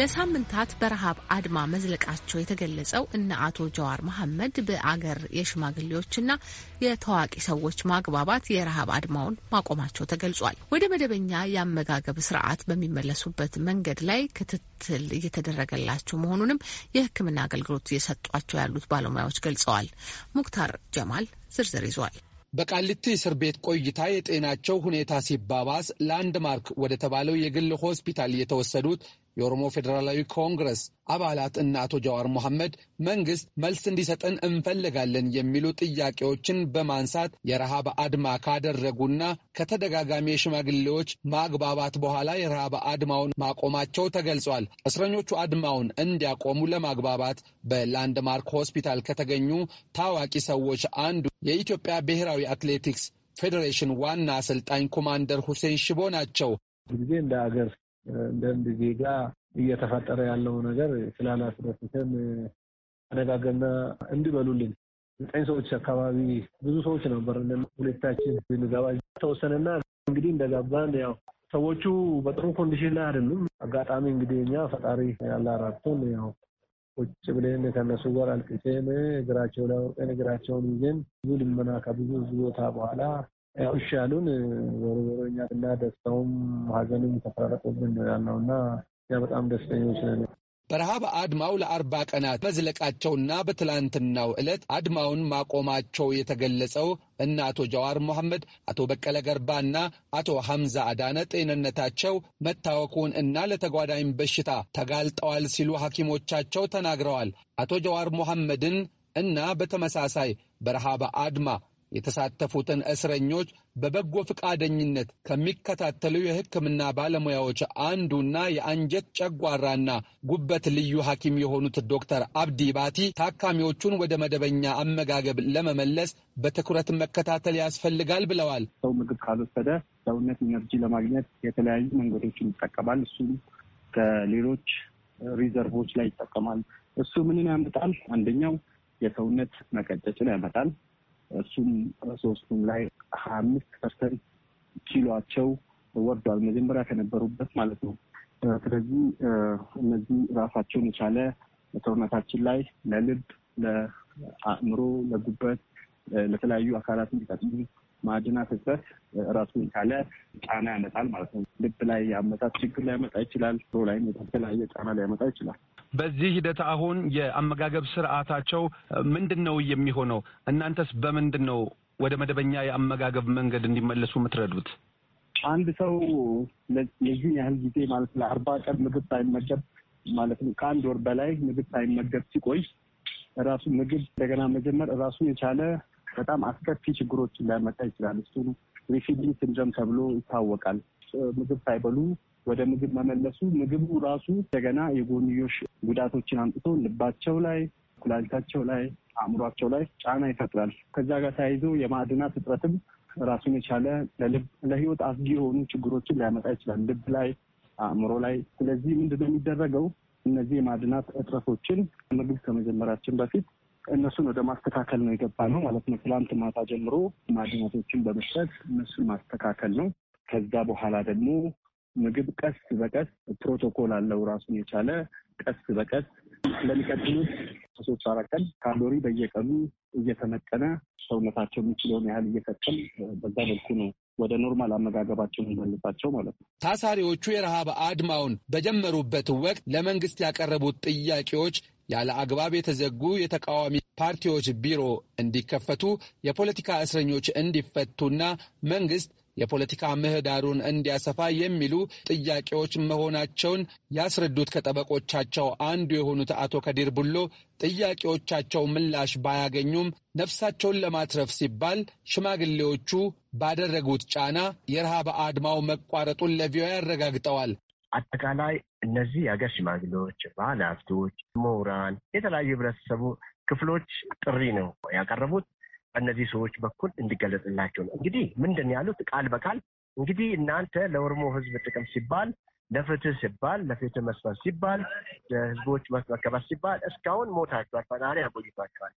ለሳምንታት በረሃብ አድማ መዝለቃቸው የተገለጸው እነ አቶ ጀዋር መሐመድ በአገር የሽማግሌዎችና የታዋቂ ሰዎች ማግባባት የረሃብ አድማውን ማቆማቸው ተገልጿል። ወደ መደበኛ የአመጋገብ ስርዓት በሚመለሱበት መንገድ ላይ ክትትል እየተደረገላቸው መሆኑንም የሕክምና አገልግሎት እየሰጧቸው ያሉት ባለሙያዎች ገልጸዋል። ሙክታር ጀማል ዝርዝር ይዟል። በቃሊቲ እስር ቤት ቆይታ የጤናቸው ሁኔታ ሲባባስ ላንድማርክ ወደ ተባለው የግል ሆስፒታል የተወሰዱት የኦሮሞ ፌዴራላዊ ኮንግረስ አባላት እና አቶ ጀዋር መሐመድ መንግስት መልስ እንዲሰጠን እንፈልጋለን የሚሉ ጥያቄዎችን በማንሳት የረሃብ አድማ ካደረጉና ከተደጋጋሚ የሽማግሌዎች ማግባባት በኋላ የረሃብ አድማውን ማቆማቸው ተገልጿል። እስረኞቹ አድማውን እንዲያቆሙ ለማግባባት በላንድማርክ ሆስፒታል ከተገኙ ታዋቂ ሰዎች አንዱ የኢትዮጵያ ብሔራዊ አትሌቲክስ ፌዴሬሽን ዋና አሰልጣኝ ኮማንደር ሁሴን ሽቦ ናቸው። ጊዜ እንደ አገር እንደንድ ዜጋ እየተፈጠረ ያለው ነገር ስላላስደሰተን አነጋገና እንዲበሉልን ዘጠኝ ሰዎች አካባቢ ብዙ ሰዎች ነበር። ሁለታችን ብንገባ ተወሰነና እንግዲህ እንደገባን ያው ሰዎቹ በጥሩ ኮንዲሽን ላይ አይደሉም። አጋጣሚ እንግዲህ እኛ ፈጣሪ ያላራቱን ያው ቁጭ ብለን ከነሱ ጋር አልቅሴን እግራቸው ላይ ወርቀን እግራቸውን ይዘን ብዙ ልመና ከብዙ ቦታ በኋላ ያው እሺ ዞሮ ዞሮ እኛ እና ደስታውም ሀዘኑም ተፈራረቁብን ያልነው እና ያ በጣም ደስተኞች ነን። በረሃብ አድማው ለአርባ ቀናት መዝለቃቸውና በትላንትናው ዕለት አድማውን ማቆማቸው የተገለጸው እነ አቶ ጀዋር መሐመድ፣ አቶ በቀለ ገርባና አቶ ሐምዛ አዳነ ጤንነታቸው መታወኩን እና ለተጓዳኝ በሽታ ተጋልጠዋል ሲሉ ሐኪሞቻቸው ተናግረዋል። አቶ ጀዋር መሐመድን እና በተመሳሳይ በረሃብ አድማ የተሳተፉትን እስረኞች በበጎ ፈቃደኝነት ከሚከታተሉ የሕክምና ባለሙያዎች አንዱና የአንጀት ጨጓራና ጉበት ልዩ ሐኪም የሆኑት ዶክተር አብዲ ባቲ ታካሚዎቹን ወደ መደበኛ አመጋገብ ለመመለስ በትኩረት መከታተል ያስፈልጋል ብለዋል። ሰው ምግብ ካልወሰደ ሰውነት ኢነርጂ ለማግኘት የተለያዩ መንገዶችን ይጠቀማል። እሱም ከሌሎች ሪዘርቮች ላይ ይጠቀማል። እሱ ምንን ያመጣል? አንደኛው የሰውነት መቀጨጭን ያመጣል። እሱም ሶስቱም ላይ ሀያ አምስት ፐርሰንት ኪሏቸው ወርዷል፣ መጀመሪያ ከነበሩበት ማለት ነው። ስለዚህ እነዚህ ራሳቸውን የቻለ ሰውነታችን ላይ ለልብ፣ ለአእምሮ፣ ለጉበት፣ ለተለያዩ አካላት እንዲጠቅሙ ማዕድናት እጥረት ራሱን የቻለ ጫና ያመጣል ማለት ነው። ልብ ላይ የአመጣት ችግር ሊያመጣ ይችላል። ሮ ላይም የተለያየ ጫና ሊያመጣ ይችላል። በዚህ ሂደት አሁን የአመጋገብ ስርዓታቸው ምንድን ነው የሚሆነው? እናንተስ በምንድን ነው ወደ መደበኛ የአመጋገብ መንገድ እንዲመለሱ የምትረዱት? አንድ ሰው ለዚህን ያህል ጊዜ ማለት ለአርባ ቀን ምግብ ሳይመገብ ነው ከአንድ ወር በላይ ምግብ ሳይመገብ ሲቆይ ራሱ ምግብ እንደገና መጀመር ራሱን የቻለ በጣም አስከፊ ችግሮችን ሊያመጣ ይችላል። እሱ ሪፊዲንግ ሲንድረም ተብሎ ይታወቃል። ምግብ ሳይበሉ ወደ ምግብ መመለሱ ምግቡ ራሱ እንደገና የጎንዮሽ ጉዳቶችን አምጥቶ ልባቸው ላይ፣ ኩላሊታቸው ላይ፣ አእምሯቸው ላይ ጫና ይፈጥራል። ከዛ ጋር ተያይዞ የማዕድናት እጥረትም ራሱን የቻለ ለልብ ለህይወት አስጊ የሆኑ ችግሮችን ሊያመጣ ይችላል። ልብ ላይ፣ አእምሮ ላይ። ስለዚህ ምንድነው የሚደረገው? እነዚህ የማዕድናት እጥረቶችን ምግብ ከመጀመራችን በፊት እነሱን ወደ ማስተካከል ነው የገባ ነው ማለት ነው። ትላንት ማታ ጀምሮ ማዕድናቶችን በመስጠት እነሱን ማስተካከል ነው። ከዛ በኋላ ደግሞ ምግብ ቀስ በቀስ ፕሮቶኮል አለው ራሱን የቻለ ቀስ በቀስ ለሚቀጥሉት ሶስት አራት ቀን ካሎሪ በየቀኑ እየተመጠነ ሰውነታቸው የሚችለውን ያህል እየሰጠን በዛ መልኩ ነው ወደ ኖርማል አመጋገባቸው የሚመልሳቸው ማለት ነው። ታሳሪዎቹ የረሃብ አድማውን በጀመሩበት ወቅት ለመንግስት ያቀረቡት ጥያቄዎች ያለ አግባብ የተዘጉ የተቃዋሚ ፓርቲዎች ቢሮ እንዲከፈቱ፣ የፖለቲካ እስረኞች እንዲፈቱና መንግስት የፖለቲካ ምህዳሩን እንዲያሰፋ የሚሉ ጥያቄዎች መሆናቸውን ያስረዱት ከጠበቆቻቸው አንዱ የሆኑት አቶ ከዲር ቡሎ ጥያቄዎቻቸው ምላሽ ባያገኙም ነፍሳቸውን ለማትረፍ ሲባል ሽማግሌዎቹ ባደረጉት ጫና የረሃብ አድማው መቋረጡን ለቪኦኤ አረጋግጠዋል። አጠቃላይ እነዚህ የሀገር ሽማግሌዎች፣ ባለ ሀብቶች፣ ምሁራን፣ የተለያዩ ህብረተሰቡ ክፍሎች ጥሪ ነው ያቀረቡት። በእነዚህ ሰዎች በኩል እንዲገለጽላቸው ነው። እንግዲህ ምንድን ያሉት ቃል በቃል እንግዲህ እናንተ ለኦሮሞ ህዝብ ጥቅም ሲባል ለፍትህ ሲባል ለፍትህ መስፈን ሲባል ለህዝቦች መከበር ሲባል እስካሁን ሞታችኋል፣ ፈጣሪ ያቆይቷቸዋል።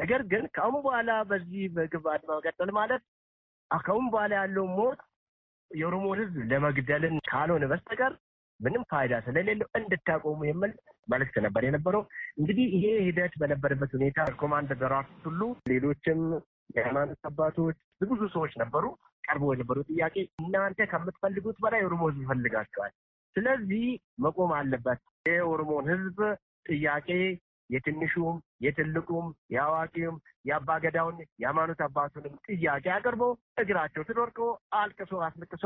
ነገር ግን ከአሁን በኋላ በዚህ በግብ አድማ መቀጠል ማለት ከአሁን በኋላ ያለው ሞት የኦሮሞን ህዝብ ለመግደልን ካልሆነ በስተቀር ምንም ፋይዳ ስለሌለው እንድታቆሙ የሚል መልዕክት ነበር የነበረው። እንግዲህ ይሄ ሂደት በነበረበት ሁኔታ ኮማንድ ደራርቱ ሁሉ ሌሎችም የሃይማኖት አባቶች ብዙ ሰዎች ነበሩ። ቀርቦ የነበሩ ጥያቄ እናንተ ከምትፈልጉት በላይ ኦሮሞ ህዝብ ይፈልጋቸዋል። ስለዚህ መቆም አለበት። የኦሮሞን ህዝብ ጥያቄ የትንሹም የትልቁም የአዋቂውም የአባገዳውን የሃይማኖት አባቱንም ጥያቄ አቅርቦ እግራቸው ተደርቆ አልቅሶ አስልቅሶ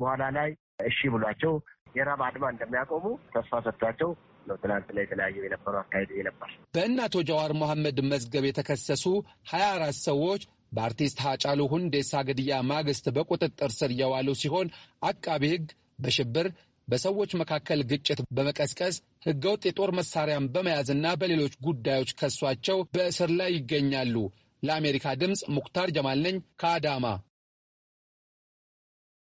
በኋላ ላይ እሺ ብሏቸው የራብ አድማ እንደሚያቆሙ ተስፋ ሰጥቷቸው ነው ላይ የተለያዩ የነበሩ አካሄድ ነበር። በእነ አቶ ጀዋር መሐመድ መዝገብ የተከሰሱ ሀያ አራት ሰዎች በአርቲስት ሀጫሉ ሁንዴሳ ግድያ ማግስት በቁጥጥር ስር እየዋሉ ሲሆን አቃቢ ህግ በሽብር በሰዎች መካከል ግጭት በመቀስቀስ ህገወጥ የጦር መሳሪያን በመያዝና በሌሎች ጉዳዮች ከሷቸው በእስር ላይ ይገኛሉ። ለአሜሪካ ድምፅ ሙክታር ጀማል ነኝ ከአዳማ።